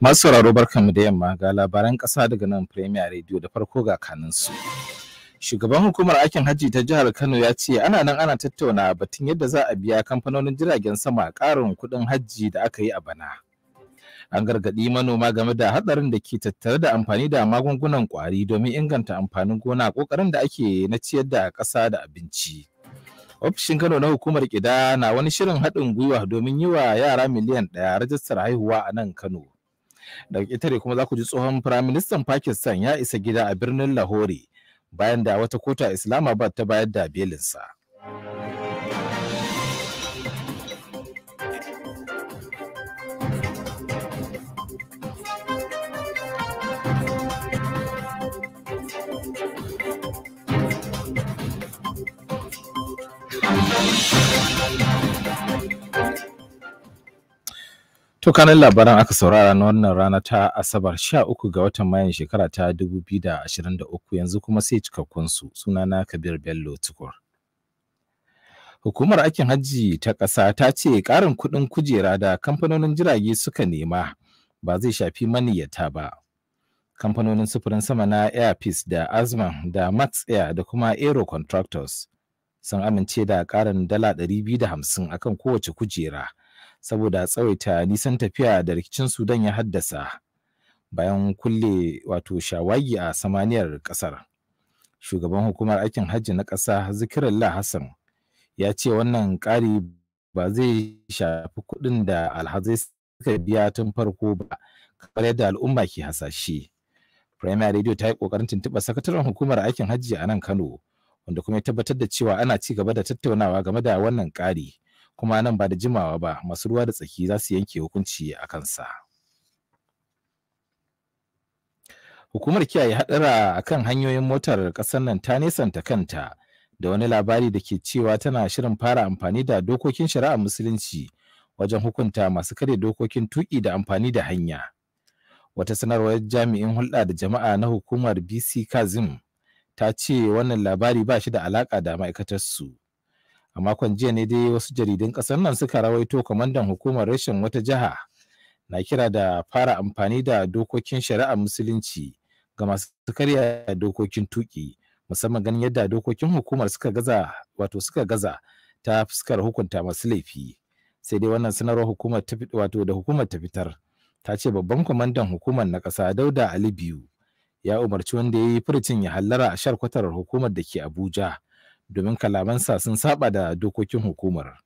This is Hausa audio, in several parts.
Masu sauraro barkanmu da yamma ga labaran ƙasa daga nan Premier rediyo da farko ga kaninsu. Shugaban hukumar aikin hajji ta jihar Kano ya ce ana nan ana tattauna batun yadda za a biya kamfanonin jiragen sama ƙarin kuɗin hajji da aka yi a bana. an gargaɗi manoma game da hatsarin da ke tattare da amfani da magungunan ƙwari domin inganta amfanin gona ƙoƙarin da ake na ciyar da ƙasa da abinci. Ofishin Kano na hukumar Kida na wani shirin haɗin gwiwa domin yi wa yara miliyan ɗaya rajistar haihuwa a nan Kano. Daga ƙetare kuma za ku ji tsohon Firaministan Pakistan ya isa gida a birnin Lahore bayan da wata kota Islamabad ta bayar da belinsa. To kanin labaran aka saurara na wannan rana ta Asabar Sha uku ga watan mayan shekara ta dubu biyu da da ashirin uku yanzu kuma sai cikakkun su na Kabir Bello Tukur. Hukumar aikin hajji ta ƙasa ta ce ƙarin kuɗin kujera da kamfanonin jirage suka nema ba zai shafi maniyyata ba. Kamfanonin sufurin sama na Airpeace da Azman da Max Air da kuma Aero Contractors sun amince da ƙarin dala ɗari biyu da hamsin akan kowace kujera. saboda tsawaita nisan tafiya da rikicin Sudan ya haddasa bayan kulle wato shawagi a samaniyar kasar. Shugaban hukumar aikin hajji na ƙasa Zikirallah Hassan ya ce wannan ƙari ba zai shafi kuɗin da alhazai suka biya tun farko ba kamar yadda al'umma ke hasashe. Premier Radio ta yi ƙoƙarin tuntuɓar sakataren hukumar aikin hajji a nan Kano wanda kuma ya tabbatar da cewa ana ci gaba da tattaunawa game da wannan ƙari. kuma nan ba da jimawa ba masu ruwa da tsaki za su yanke hukunci a kansa. Hukumar kiyaye haɗura a kan hanyoyin motar ƙasar nan ta nesanta kanta da wani labari da ke cewa tana shirin fara amfani da dokokin shari'a musulunci wajen hukunta masu karya dokokin tuƙi da amfani da hanya. Wata sanarwar jami'in hulɗa da jama'a na hukumar BC Kazim ta ce wannan labari ba shi da alaƙa da ma'aikatar su. a makon jiya ne dai wasu jaridun ƙasar nan suka rawaito kwamandan hukumar rashin wata jiha na kira da fara amfani da dokokin shari'ar musulunci ga masu karya dokokin tuƙi musamman ganin yadda dokokin hukumar suka gaza wato suka gaza ta fuskar hukunta masu laifi sai dai wannan sanarwar hukumar wato da hukumar ta fitar ta ce babban kwamandan hukumar na ƙasa dauda ali biyu ya umarci wanda ya yi furucin ya hallara a shar kwatarar hukumar da ke abuja domin kalamansa sun saba da dokokin hukumar.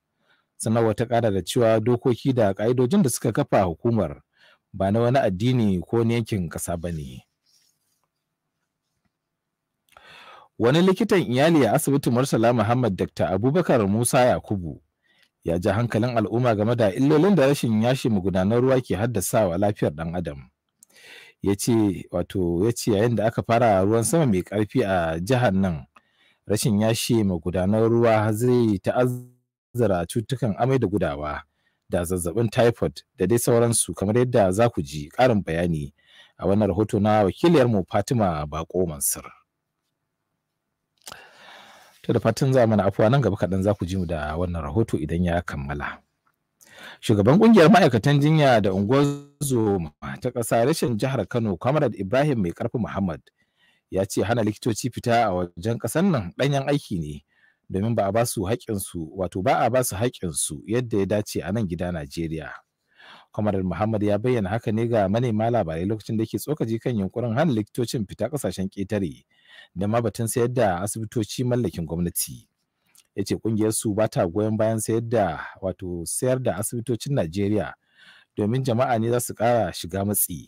Sanarwar ta ƙara da cewa dokoki da ƙa'idojin da suka kafa hukumar ba na wani addini ko yankin ƙasa ba ne. Wani likitan iyali a asibitin Murtala Muhammad Dr. Abubakar Musa Yakubu ya ji hankalin al'umma game da illolin da rashin yashi magudanar ruwa ke haddasawa lafiyar ɗan adam. ya ce wato ya ce yayin da aka fara ruwan sama mai ƙarfi a jihar nan rashin yashe magudanar ruwa zai ta'azzara cutukan amai da gudawa da zazzabin typhoid da dai sauransu kamar yadda za ku ji ƙarin bayani a wannan rahoto na wakiliyarmu fatima bako mansur to da fatan za mana afuwa nan gaba kaɗan za ku ji mu da wannan rahoto idan ya kammala shugaban ƙungiyar ma'aikatan jinya da unguwar ta ƙasa rashin jihar kano comrade ibrahim mai karfi muhammad ya ce hana likitoci fita a wajen ƙasar nan ɗanyen aiki ne domin ba a ba su haƙƙinsu wato ba a ba su haƙƙinsu yadda ya dace a nan gida Najeriya. Kwamarar Muhammad ya bayyana haka ne ga manema labarai lokacin da ke tsokaci kan yunkurin hana likitocin fita ƙasashen ƙetare da ma batun sayar da asibitoci mallakin gwamnati. Ya ce ƙungiyarsu ba ta goyon bayan sayar da wato sayar da asibitocin Najeriya domin jama'a ne za su ƙara shiga matsi.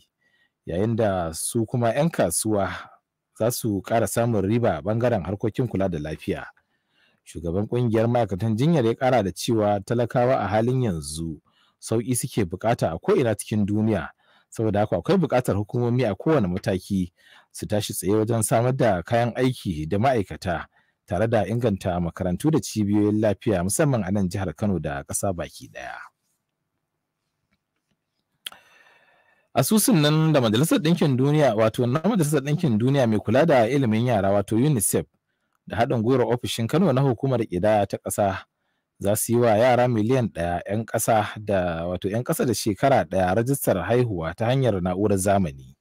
Yayin da su kuma 'yan kasuwa za su ƙara samun riba bangaren harkokin kula da lafiya. Shugaban ƙungiyar ma'aikatan jinyar ya ƙara da cewa talakawa a halin yanzu sauƙi suke bukata a ko'ina cikin duniya. saboda haka akwai buƙatar hukumomi a kowane mataki su tashi tsaye wajen samar da kayan aiki da ma'aikata tare da inganta makarantu da cibiyoyin lafiya musamman a nan jihar kano da ƙasa baki ɗaya. asusun nan da majalisar ɗinkin duniya wato na majalisar ɗinkin duniya mai kula da ilimin yara wato unicef da haɗin gwiwar ofishin kano na hukumar ƙidaya ta ƙasa za su yi wa yara miliyan ɗaya 'yan ƙasa da wato 'yan ƙasa da shekara ɗaya rajistar haihuwa ta hanyar na'urar zamani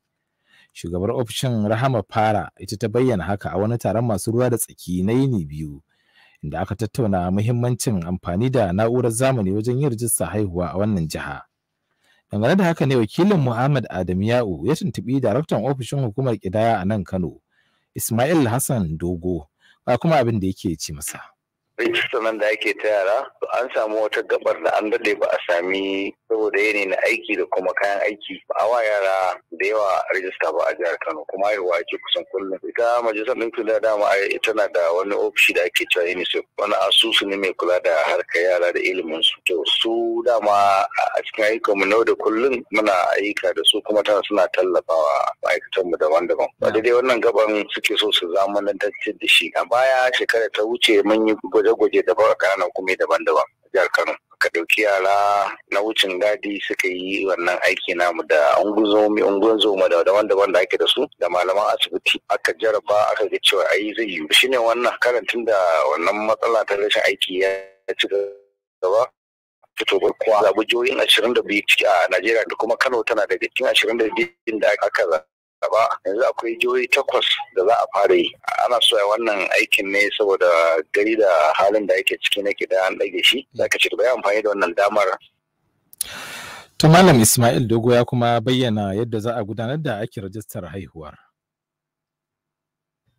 shugabar ofishin rahama fara ita ta bayyana haka a wani taron masu ruwa da tsaki na yini biyu inda aka tattauna muhimmancin amfani da na'urar zamani wajen yin rajistar haihuwa a wannan jiha. dangane da haka ne wakilin muhammad ya'u ya tuntubi daraktan ofishin hukumar kidaya a nan kano ismail hassan dogo ba kuma abin da yake ci masa rijistar nan da ake ta yara to an samu wata gabar da an daɗe ba a sami saboda yanayi na aiki da kuma kayan aiki ba a wa yara da yawa rijista ba a jihar kano kuma yi wa ake kusan kullum ita majalisar kula da dama tana da wani ofishi da ake cewa unicef wani asusu ne mai kula da harkar yara da ilimin su to su dama a cikin ayyukan mu na da kullum muna ayyuka da su kuma tana suna tallafawa ma'aikatan mu daban-daban ba daidai wannan gaban suke so su zamanantar da shi a baya shekara ta wuce mun yi gwaje-gwaje daban a kananan kuma daban-daban jihar Kano. Ka ɗauki yara na wucin gadi suka yi wannan aiki namu da unguzomi zoma da daban-daban da ake da su da malaman asibiti aka jaraba aka ga cewa ayi zai yi shine wannan karantin da wannan matsala ta rashin aiki ya ci gaba fito kuwa zaɓi jihohin ashirin da biyu ciki a Najeriya da kuma Kano tana daga cikin ashirin da biyu da aka gaba yanzu akwai jihohi takwas da za a fara yi ana so ya wannan aikin ne saboda gari da halin da ake ciki na da an ɗage shi za ka ci baya amfani da wannan damar to malam ismail dogo ya kuma bayyana yadda za a gudanar da ake rajistar haihuwar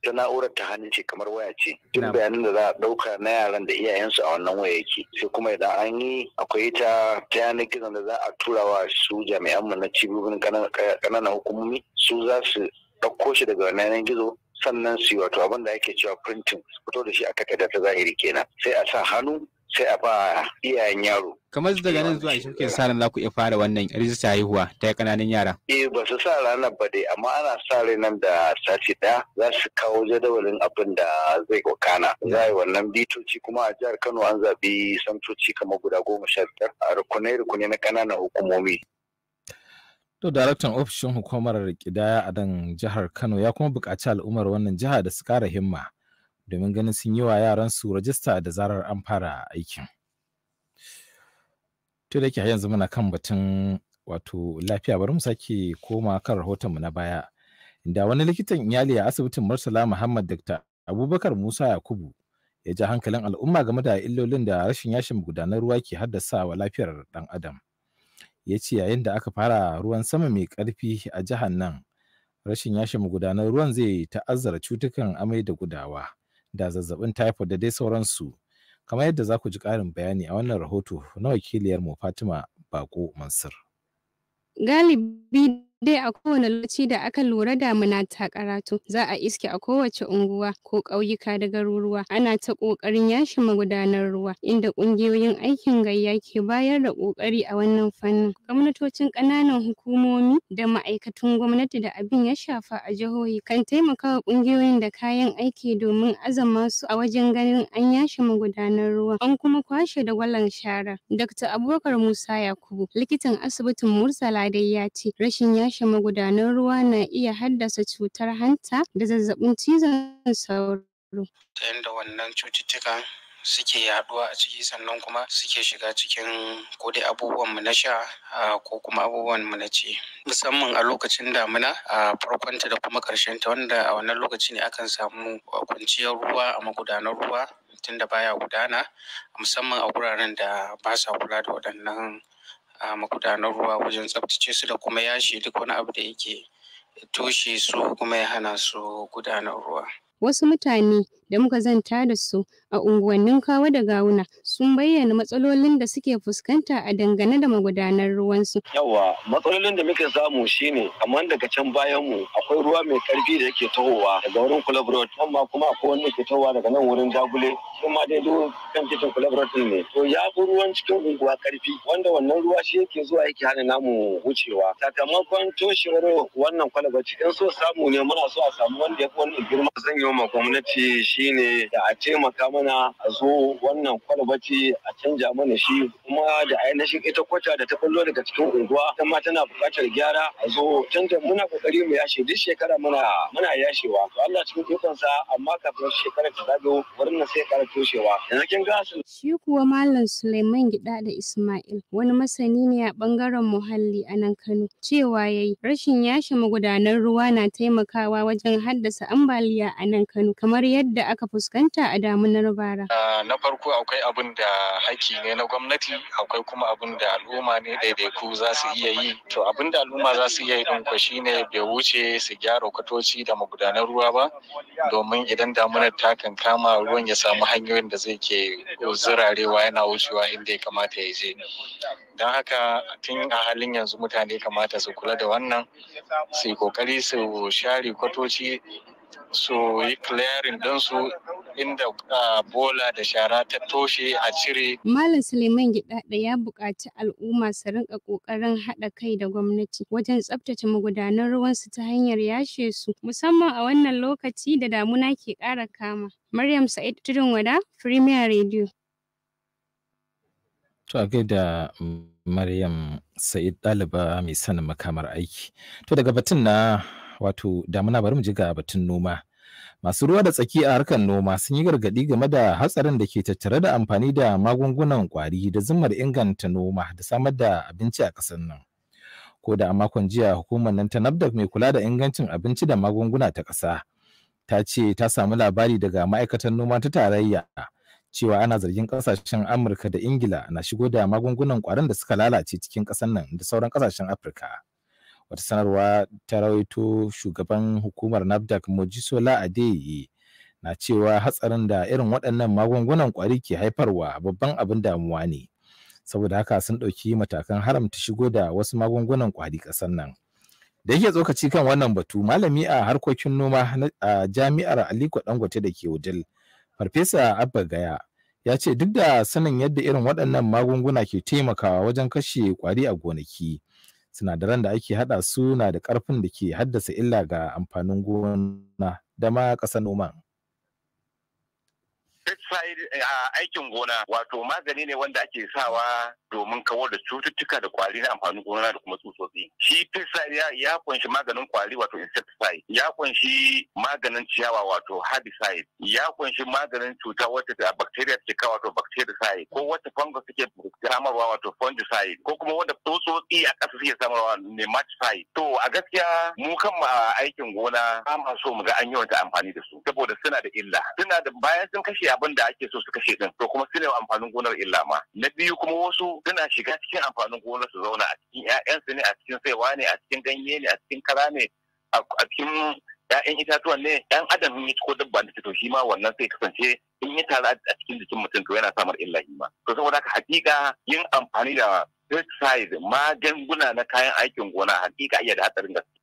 ta na'urar ta hannu ce kamar waya ce duk bayanan da za a ɗauka na yaran da iyayensu a wannan waya yake sai kuma idan an yi akwai ta ta yanar gizon da za a turawa su jami'an mu na cibiyoyin kananan hukumomi su za su ɗauko shi daga wannan yanar gizo sannan su yi wato abin da ake cewa printing fito da shi a takarda ta zahiri kenan sai a sa hannu sai a ba iyayen yaro. Kamar daga nan zuwa shi kuke sa ran za ku iya fara wannan rijista haihuwa ta kananan yara. Eh ba su sa ranar ba dai amma ana sa rai da sati ɗaya za su kawo jadawalin abin da zai wakana. Za a yi wannan bitoci kuma a jihar Kano an zaɓi santoci kamar guda goma sha biyar a rukune rukune na ƙananan hukumomi. To daraktan ofishin hukumar Ƙidaya a dan jihar Kano ya kuma buƙaci al'ummar wannan jiha da su ƙara himma domin ganin sun yi wa yaransu rajista da zarar an fara aikin. To da yake yanzu muna kan batun wato lafiya bari mu sake koma kan rahotonmu na baya. Da wani likitan iyali a asibitin Murtala Muhammad Dr. Abubakar Musa Yakubu ya ji hankalin al'umma game da illolin da rashin yashin gudanar ruwa ke haddasa wa lafiyar ɗan adam. Ya ce yayin da aka fara ruwan sama mai ƙarfi a jihar nan, rashin yashin magudanar ruwan zai ta'azzara cutukan amai da gudawa. da zazzabin typhoid da dai sauransu kamar yadda za ku ji ƙarin bayani a wannan rahoto na wakiliyar mu fatima bako mansur galibi dai a kowane lokaci da aka lura damuna ta karatu za a iske a kowace unguwa ko ƙauyuka da garuruwa ana ta ƙoƙarin yashe magudanar ruwa inda ƙungiyoyin aikin gayya ke bayar da ƙoƙari a wannan fannin gwamnatocin ƙananan hukumomi da ma'aikatun gwamnati da abin ya shafa a jihohi kan taimakawa ƙungiyoyin da kayan aiki domin azama su a wajen ganin an yashi magudanar ruwa an kuma kwashe da gwalan shara dr abubakar musa yakubu likitan asibitin murtala dai ya ce rashin yashe rashin magudanan ruwa na iya haddasa cutar hanta da zazzabin cizon sauro. Ta yadda wannan cututtukan suke yaduwa a ciki sannan kuma suke shiga cikin ko dai abubuwan mu na sha ko kuma abubuwan mu na ci musamman a lokacin damina a farkon ta da kuma karshen ta wanda a wannan lokaci ne akan samu kwanciyar ruwa a magudanar ruwa tunda baya gudana musamman a wuraren da ba sa kula da waɗannan a magudanar ruwa wajen tsabtace su da kuma yashi duk wani abu da yake toshe su kuma ya hana su gudanar ruwa. Wasu mutane da muka zanta da su a unguwannin kawo da gawuna sun bayyana matsalolin da suke fuskanta a dangane da magudanar ruwansu. Yawa matsalolin da muke samu shine kamar daga can bayan mu akwai ruwa mai karfi da yake tahowa daga wurin kulabrot amma kuma akwai wanda ke tahowa daga nan wurin Dagule kuma dai duk kan titin kulabrot ne. To ya fi ruwan cikin unguwa karfi wanda wannan ruwa shi yake zuwa yake hana namu wucewa. Sakamakon toshewar wannan kwalabar cikin so samu ne muna so a samu wanda ya fi wannan girma zan yi wa gwamnati shine da a taimaka mana a zo wannan kwalba a canja mana shi kuma da ainihin ita kwata da ta kullo daga cikin unguwa ta ma tana buƙatar gyara a zo canja muna kokari mu yashe duk shekara muna muna yashewa to Allah cikin ikonsa amma kafin shekara ta zago wurin sai kara toshewa yanzu kin ga shi kuwa mallam Suleiman Gida da Ismail wani masani ne a bangaren muhalli a nan Kano cewa yayi rashin yashe magudanan ruwa na taimakawa wajen haddasa ambaliya a nan Kano kamar yadda da aka fuskanta a damunar bara? Na farko akwai abin da haki ne na gwamnati, akwai kuma abin da al'umma ne ɗaiɗaiku za su iya yi. To abin da al'umma za su iya yi ɗin shi ne bai wuce su gyara kwatoci da magudanar ruwa ba, domin idan damunar ta kan kama ruwan ya samu hanyoyin da zai ke zurarewa yana wucewa inda ya kamata ya je. Don haka tun a halin yanzu mutane kamata su kula da wannan, su yi kokari su share kwatoci su yi clearing don su inda bola da shara ta toshe a cire. Malam Suleiman Gidaɗa ya buƙaci al'umma su rinka ƙoƙarin haɗa kai da gwamnati wajen tsabtace magudanan su ta hanyar yashe su musamman a wannan lokaci da damuna ke ƙara kama. Maryam Sa'id Tudun Wada, Premier Radio. To a gaida Maryam Sa'id ɗaliba mai sanin makamar aiki. To daga batun na wato da muna bari mu ji ga batun noma. Masu ruwa da tsaki a harkar noma sun yi gargaɗi game da hatsarin da ke tattare da amfani da magungunan kwari da zumar inganta noma da samar da abinci a ƙasar nan. Ko da a makon jiya hukumar nan ta nabda mai kula da ingancin abinci da magunguna ta ƙasa ta ce ta samu labari daga ma'aikatan noma ta tarayya cewa ana zargin ƙasashen Amurka da Ingila na shigo da magungunan ƙwarin da suka lalace cikin ƙasar nan da sauran ƙasashen Afirka. wata sanarwa ta rawaito shugaban hukumar nafdac mojisola adeyi na cewa hatsarin da irin waɗannan magungunan ƙwari ke haifarwa babban abin damuwa ne saboda haka sun ɗauki matakan haramta shigo da wasu magungunan ƙwari ƙasar nan da yake tsokaci kan wannan batu malami a harkokin noma a jami'ar aliko dangote da ke wudil farfesa abba gaya ya ce duk da sanin yadda irin waɗannan magunguna ke taimakawa wajen kashe ƙwari a gonaki sinadaran da ake haɗa su na da ƙarfin da ke haddasa illa ga amfanin gona da ma ƙasa noman. pesticide eh, a aikin gona wato magani ne wanda ake sawa domin kawar da cututtuka da kwari na amfanin gona da kuma tsutsotsi shi pesticide ya kunshi maganin kwari wato insecticide ya kunshi maganin ciyawa wato herbicide ya kunshi maganin cuta wata da bacteria ke kawo wato bactericide ko wata fungus suke samarwa wato fungicide ko kuma wanda tsutsotsi a ƙasa suke samarwa nematicide to a gaskiya mu kan aikin gona ba ma so mu ga an yi yawan amfani da su saboda suna da illa suna da bayan sun kashe abin da ake so su kashe din to kuma su ne amfanin gonar illa ma na biyu kuma wasu suna shiga cikin amfanin gonar su zauna a cikin 'ya'yansu ne a cikin saiwa ne a cikin ganye ne a cikin kara ne a cikin ‘ya'yan itatuwan ne ‘yan adam ya ko dabba da to shi ma wannan sai kasance in ya taru a cikin jikin mutum to yana samar illa shi ma to saboda haka hakika yin amfani da pesticide magunguna na kayan aikin gona hakika iya da hatsarin gaske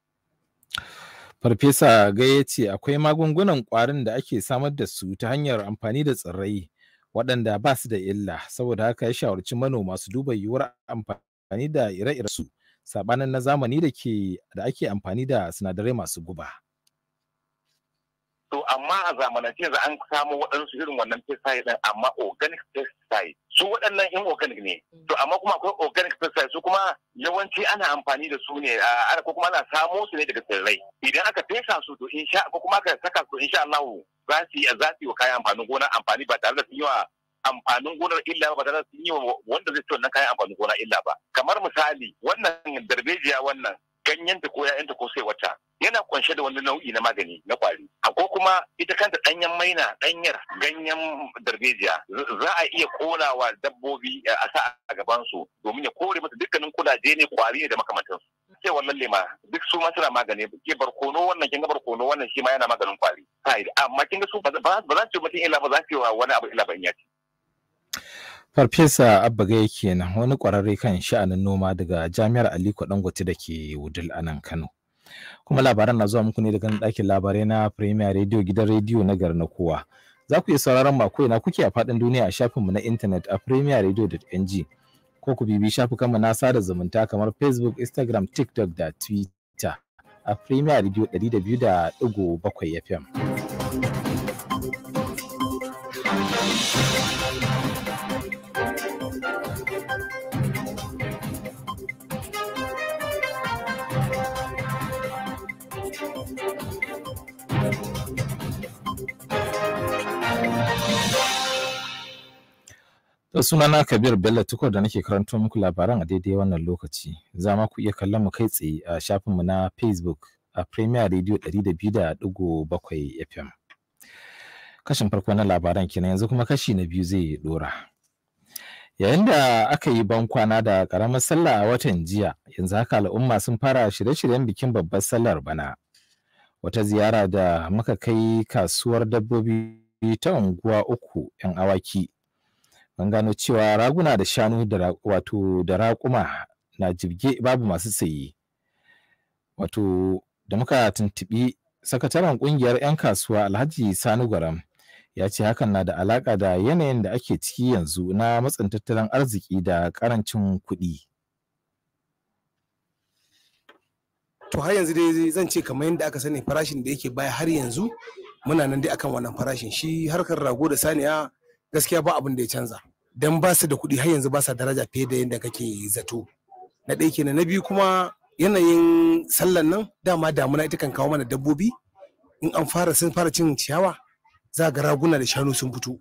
Farfesa ga ya ce akwai magungunan ƙwarin da ake samar da su ta hanyar amfani da tsirrai waɗanda ba su da illa saboda haka ya shawarci manoma su duba yiwuwar amfani da ire-iren su saɓanin na zamani da ke da ake amfani da sinadarai masu guba. To amma a zamanance yanzu an samo waɗansu irin wannan pesticide ɗin amma organic pesticide su waɗannan in organic ne. Mm. To amma kuma akwai organic pesticide su kuma yawanci ana amfani da su ne a ko kuma ana samo su ne daga tsirrai idan aka fesa su to insha ko kuma aka saka su insha Allah za su yi za su yi wa kayan amfanin gona amfani ba tare da sun yi wa amfanin gonar illa ba tare da sun yi wa wanda zai ci wannan kayan amfanin gona illa ba kamar misali wannan darbejiya wannan Ganyen da ko ta ko sai wata yana kunshe da wani nau'i na magani na kwari ko kuma ita kanta danyen maina danyar ganyen darbejiya za a iya konawa dabbobi eh, a sa a gaban su domin ya kore mata dukkanin kudaje ne kwari ne da makamantansu sai wannan lema duk su ma suna magani ke barkono wannan kinga barkono wannan shi ma yana maganin kwari amma kinga su ba za su yi mutum illa ba za su yi wani abu illa ba in ya ci Farfesa Abbaga kenan wani ƙwararre kan sha'anin noma daga Jami'ar Aliko Dangote da ke Wudil a nan Kano. Kuma labaran na zuwa muku ne daga ɗakin labarai na Premier Radio gidan rediyo na gari na kowa. Za ku iya sauraron ma na kuke a faɗin duniya a shafinmu na intanet a premierradio.ng ko ku bibi shafukanmu na sada zumunta kamar Facebook, Instagram, TikTok da Twitter a Premier Radio 200.7 FM. To sunana Kabir Bello Tuko da nake karanto muku labaran a daidai wannan lokaci. Za ma ku iya kallon mu kai tsaye a shafin mu na Facebook a Premier Radio 102.7 FM. Kashin farko na labaran kenan yanzu kuma kashi na biyu zai dora. Yayin da aka yi bankwana da karamar sallah a watan jiya, yanzu haka al'umma sun fara shirye-shiryen bikin babbar sallar bana. Wata ziyara da muka kai kasuwar dabbobi ta unguwa uku 'yan awaki an gano cewa raguna da shanu wato da raƙuma na jirge babu masu saye wato da muka tuntuɓi sakataren ƙungiyar 'yan kasuwa alhaji sani gwaram ya ce hakan na da alaƙa da yanayin da ake ciki yanzu na matsin tattalin arziki da ƙarancin kuɗi. to har yanzu dai zan ce kamar yadda aka sani farashin da yake baya har yanzu muna nan dai akan wannan farashin shi harkar rago da saniya gaskiya ba abin da ya canza Dan ba su da kuɗi har yanzu ba sa daraja fiye da yadda kake zato na ɗaya kenan na biyu kuma yanayin sallan nan dama damuna ita kan kawo mana dabbobi in an fara sun fara cin ciyawa za ga raguna da shanu sun fito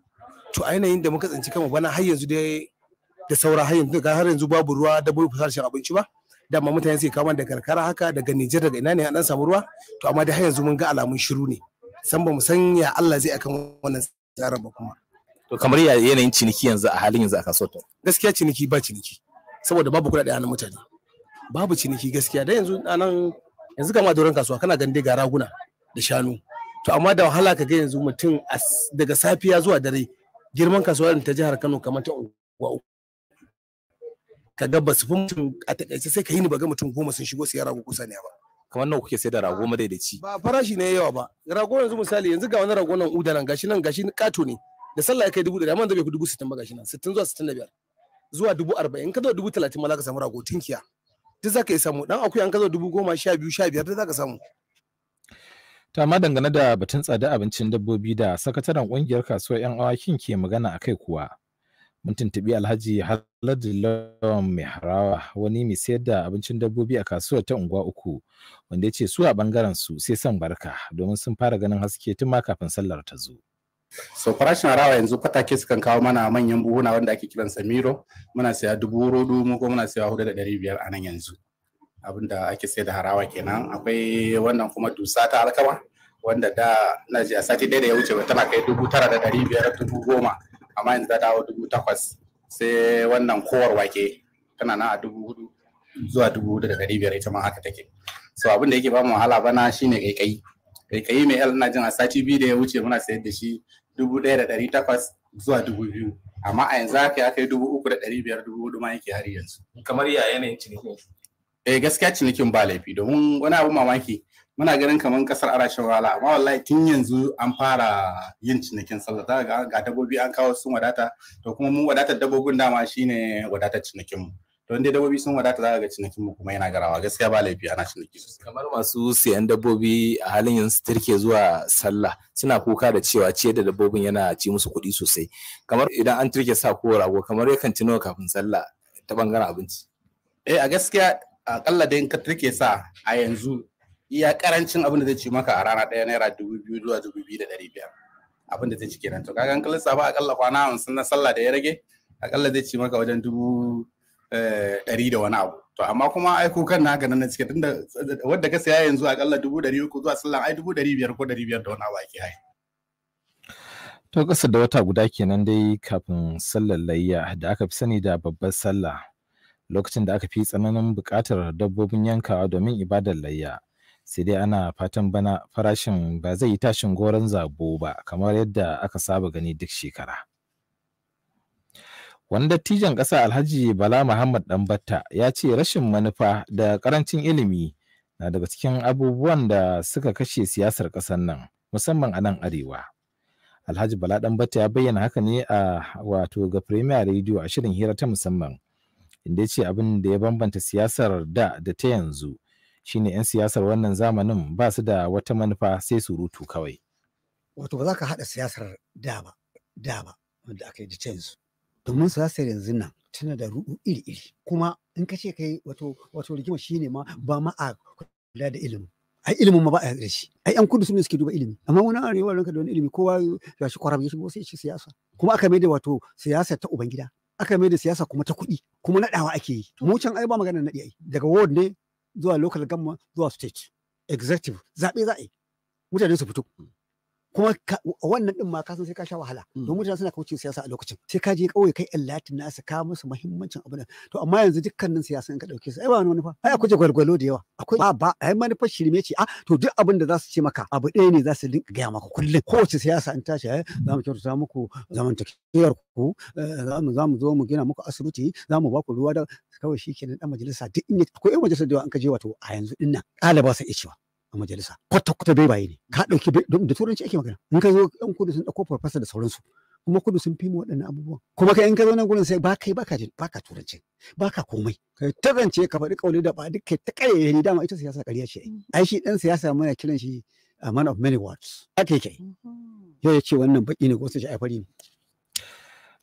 to a yanayin da muka tsinci kama bana har yanzu dai da saura har yanzu har yanzu babu ruwa dabbobi ba shan abinci ba dama mutane sai kama da karkara haka daga Nijar daga ina ne an samu ruwa to amma dai har yanzu mun ga alamun shiru ne san ba mu san ya Allah zai akan wannan tsara ba kuma to kamar ya yanayin ciniki yanzu a halin yanzu a kasuwar gaskiya ciniki ba ciniki saboda babu kuɗaɗe na mutane babu ciniki gaskiya da yanzu nan yanzu kama doron kasuwa kana gande ga raguna da shanu to amma da wahala ka ga yanzu mutum daga safiya zuwa dare girman kasuwa ta jihar Kano kamar ta unguwa uku ka ga ba su fi mutum a taƙaice sai ka yi ni ba ga mutum goma sun shigo siya rago kusa ne ba kamar nawa kuke sai da rago madaidaici ba farashi ne yawa ba rago yanzu misali yanzu ga wani rago nan uda nan gashi nan gashi ƙato ne da sallah ya kai dubu ɗari amma da bai fi dubu sittin ba gashi nan sittin zuwa sittin da biyar zuwa dubu arba'in ka zo dubu talatin ma za ka samu rago tinkiya duk za ka iya samu dan akuya in ka zo dubu goma sha biyu sha biyar duk za ka samu. ta ma dangane da batun tsada abincin dabbobi da sakataren kungiyar kasuwar yan awakin ke magana a kai kuwa mun tuntuɓi alhaji haladu lawan mai wani mai sayar da abincin dabbobi a kasuwar ta unguwa uku wanda ya ce su a bangaren su sai son barka domin sun fara ganin haske tun ma kafin sallar ta zo. so farashin harawa yanzu fatake sukan kawo mana manyan buhuna wanda ake kiran samiro muna saya dubu rudu mu ko muna saya hudu da ɗari biyar a nan yanzu abinda ake sai da harawa kenan akwai wannan kuma dusa ta alkama wanda da na ji a sati ɗaya da ya wuce tana kai dubu tara da ɗari biyar dubu goma amma yanzu ta dawo dubu takwas sai wannan kowar wake tana na a dubu hudu zuwa dubu hudu da ɗari biyar ita ma haka take so abin da yake ba mu wahala bana shine kai-kai kai-kai mai yal na jin a sati biyu da ya wuce muna sayar da shi dubu ɗaya da ɗari takwas zuwa dubu biyu amma a yanzu haka ya kai dubu uku da ɗari biyar dubu hudu ma yake har yanzu. kamar ya yanayin cinikin. eh gaskiya cinikin ba laifi domin wani abu mamaki muna ganin kamar kasar arashin wala amma wallahi tun yanzu an fara yin cinikin sallah ga dabbobi an kawo sun wadata to kuma mun wadatar dabbobin dama shine wadatar cinikin mu to inda dabbobi sun wadata za ka ga cinikin mu kuma yana garawa gaskiya ba laifi ana ciniki kamar masu siyan dabbobi a halin yanzu su tirke zuwa sallah suna kuka da cewa ciyar da dabbobin yana ci musu kuɗi sosai kamar idan an tirke sa ko rago kamar ya ci nawa kafin sallah ta bangaren abinci eh a gaskiya akalla dai in ka tirke sa a yanzu iya karancin abin da zai ci maka a rana ɗaya naira dubu biyu zuwa dubu biyu da ɗari biyar abin da zai ci kenan to kaga an kalli safa akalla kwana hamsin na sallah da ya rage akalla zai ci maka wajen dubu Eh, ɗari da wani abu to amma kuma ai kukan na ganin nan suke tunda wadda ka saya yanzu a ƙalla dubu ɗari uku zuwa sallan ai dubu ɗari biyar ko ɗari biyar da wani abu ake haihu. to ƙasa da wata guda kenan dai kafin sallar layya da aka fi sani da babbar sallah lokacin da aka fi tsananin buƙatar dabbobin yankawa domin ibadar layya sai dai ana fatan bana farashin ba zai yi tashin goron zabo ba kamar yadda aka saba gani duk shekara Wani dattijan ƙasa Alhaji Bala Muhammad Ɗanbatta ya ce rashin manufa da ƙarancin ilimi na daga cikin abubuwan da suka kashe siyasar ƙasar nan musamman a nan arewa. Alhaji Bala Ɗanbatta ya bayyana haka ne a wato ga Premier Radio a shirin hira ta musamman inda ya ce abin da ya bambanta siyasar da da ta yanzu shine 'yan siyasar wannan zamanin ba su da wata manufa sai su rutu kawai. Wato ba za ka haɗa siyasar da ba, da ba wanda aka yi da ta yanzu. domin siyasar yanzu nan tana da ruɗu iri-iri kuma in ka ce kai wato wato rigima shine ma ba ma a kula da ilimi ai ilimin ma ba a da shi ai yan kudu sune suke duba ilimi amma wani arewa ranka da wani ilimi kowa ya shi kwarar yashi shigo sai shi siyasa kuma aka maida wato siyasa ta ubangida aka maida siyasa kuma ta kuɗi kuma naɗawa ake yi mu can ai ba magana naɗi ai daga ward ne zuwa local government zuwa state executive zaɓe za yi mutane su fito kuma wannan din ma ka san sai ka sha wahala mm. don mutane suna kauce siyasa a lokacin sai ka je kauye kai illatin nasu ka musu muhimmancin abin to amma yanzu dukkanin siyasa in ka dauke su ai ba wani fa ai akwai gwalgwalo da yawa akwai ba ba ai manufa shirme ce a ah, to duk abin da za su ce maka abu ɗaya ne za su dinga gaya maka kullum kowace siyasa in tashi ai eh, za mu kyautata muku zamantakewar ku eh, za mu zo mu gina muku asibiti za mu ba ku ruwa da kawai shikenan dan majalisa duk in akwai majalisa da yawa in ka je wato a yanzu dinnan ɗaliba sai iya cewa a majalisa kwata kwata bai baye ne ka dauki da turanci ake magana in ka zo yan kudu sun dauko farfasa da sauransu kuma kudu sun fi mu waɗannan abubuwan kuma kai in ka zo nan gurin sai ba kai baka jin ka turanci ka komai kai tarance ka faɗi kauli da ba duk kai ta ƙarya ne dama ita siyasa ƙarya ce ai shi dan siyasa muna kiran shi a man of many words ake kai mm-hmm. ya ce wannan baki ne ko sai ai fari ne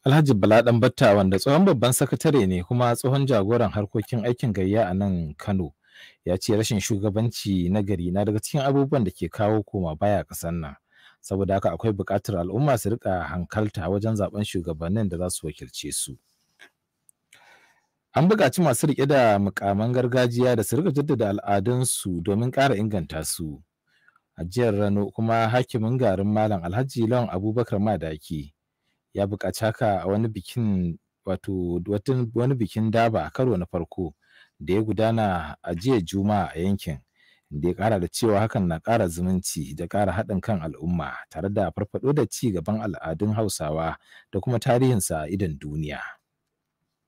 Alhaji Bala Batta wanda tsohon babban sakatare ne kuma tsohon jagoran harkokin aikin gayya a nan Kano ya ce rashin shugabanci na gari na daga cikin abubuwan da ke kawo koma baya ƙasar nan saboda haka akwai buƙatar al'umma su rika hankalta wajen zaben shugabannin da za su wakilce su an buƙaci masu riƙe da mukaman gargajiya da su rika jaddada al'adunsu domin ƙara inganta su a jiyar rano kuma hakimin garin malam alhaji lawan abubakar madaki ya buƙaci haka a wani bikin wato wani bikin daba karo na farko da ya gudana a jiya juma'a a yankin da ya kara da cewa hakan na kara zumunci da kara haɗin kan al'umma tare da farfaɗo da ci gaban al'adun hausawa da kuma tarihinsa a idon duniya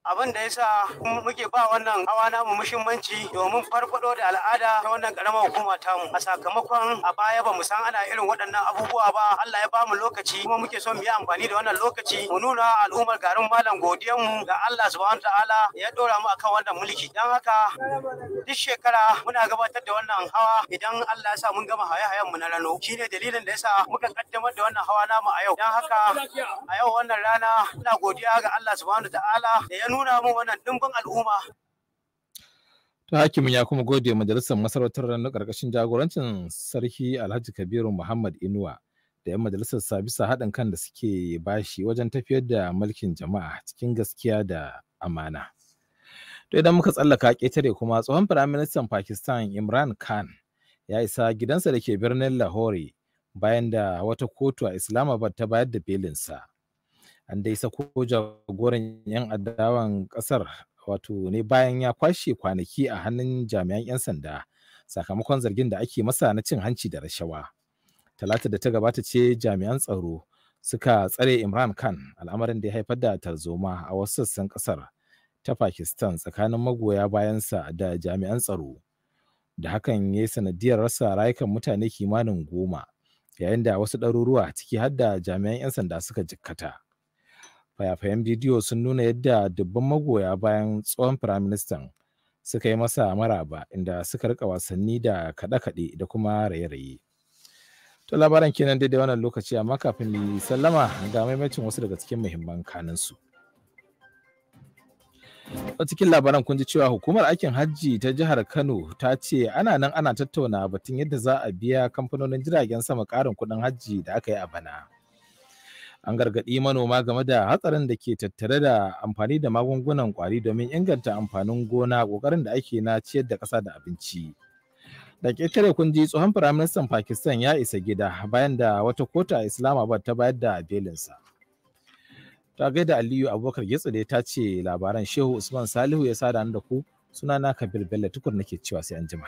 abin da yasa muke ba wannan hawa namu muhimmanci domin farfado da al'ada ta wannan karamar hukuma ta mu. a sakamakon a baya ba mu san ana irin waɗannan abubuwa ba Allah ya ba mu lokaci kuma muke son mu yi amfani da wannan lokaci mu nuna al'ummar garin malam godiyan mu ga Allah subhanahu ta'ala ya dora mu akan wannan mulki dan haka duk shekara muna gabatar da wannan hawa idan Allah ya sa mun gama haye hayan mu na rano shine dalilin da yasa muka kaddamar da wannan hawa namu a yau dan haka a yau wannan rana ina godiya ga Allah subhanahu ta'ala da ya nuna nuna mu wannan dimbin al'umma ta hakimin ya kuma gode majalisar masarautar na ƙarƙashin jagorancin sarki alhaji kabiru muhammad inuwa da 'yan majalisar sa haɗin kan da suke bashi wajen tafiyar da mulkin jama'a cikin gaskiya da amana to idan muka tsallaka ƙetare kuma tsohon firaministan pakistan imran khan ya isa gidansa da ke birnin lahore bayan da wata kotu a islamabad ta bayar da belinsa an dai sako jagoran 'yan adawan kasar wato ne bayan ya kwashe kwanaki a hannun jami'an 'yan sanda sakamakon zargin da ake masa na cin hanci da rashawa talata da ta gabata ce jami'an tsaro suka tsare imran khan al'amarin da ya haifar da tarzoma a wasu sassan kasar ta pakistan tsakanin magoya bayansa da jami'an tsaro da hakan ya yi sanadiyar rasa rayukan mutane kimanin goma yayin da wasu ɗaruruwa ciki har da jami'an 'yan sanda suka jikkata. fayafayen bidiyo sun nuna yadda dubban magoya bayan tsohon firaministan suka yi masa maraba inda suka rika wasanni da kaɗe-kaɗe da kuma raye-raye. To labaran kenan daidai wannan lokaci amma kafin mu sallama ga maimacin wasu daga cikin muhimman su. A cikin labaran kun ji cewa hukumar aikin hajji ta jihar Kano ta ce ana nan ana tattauna batun yadda za a biya kamfanonin jiragen sama ƙarin kuɗin hajji da aka yi a bana. an gargaɗi manoma game da hatsarin da ke tattare da amfani da magungunan kwari domin inganta amfanin gona ƙoƙarin da ake na ciyar da ƙasa da abinci da ƙetare kun ji tsohon firaministan pakistan ya isa gida bayan da wata kota a islamabad ta bayar da belinsa ta gaida aliyu abubakar gitsire ta ce labaran shehu usman salihu ya sa da ku sunana kabir bello tukur nake cewa sai an jima.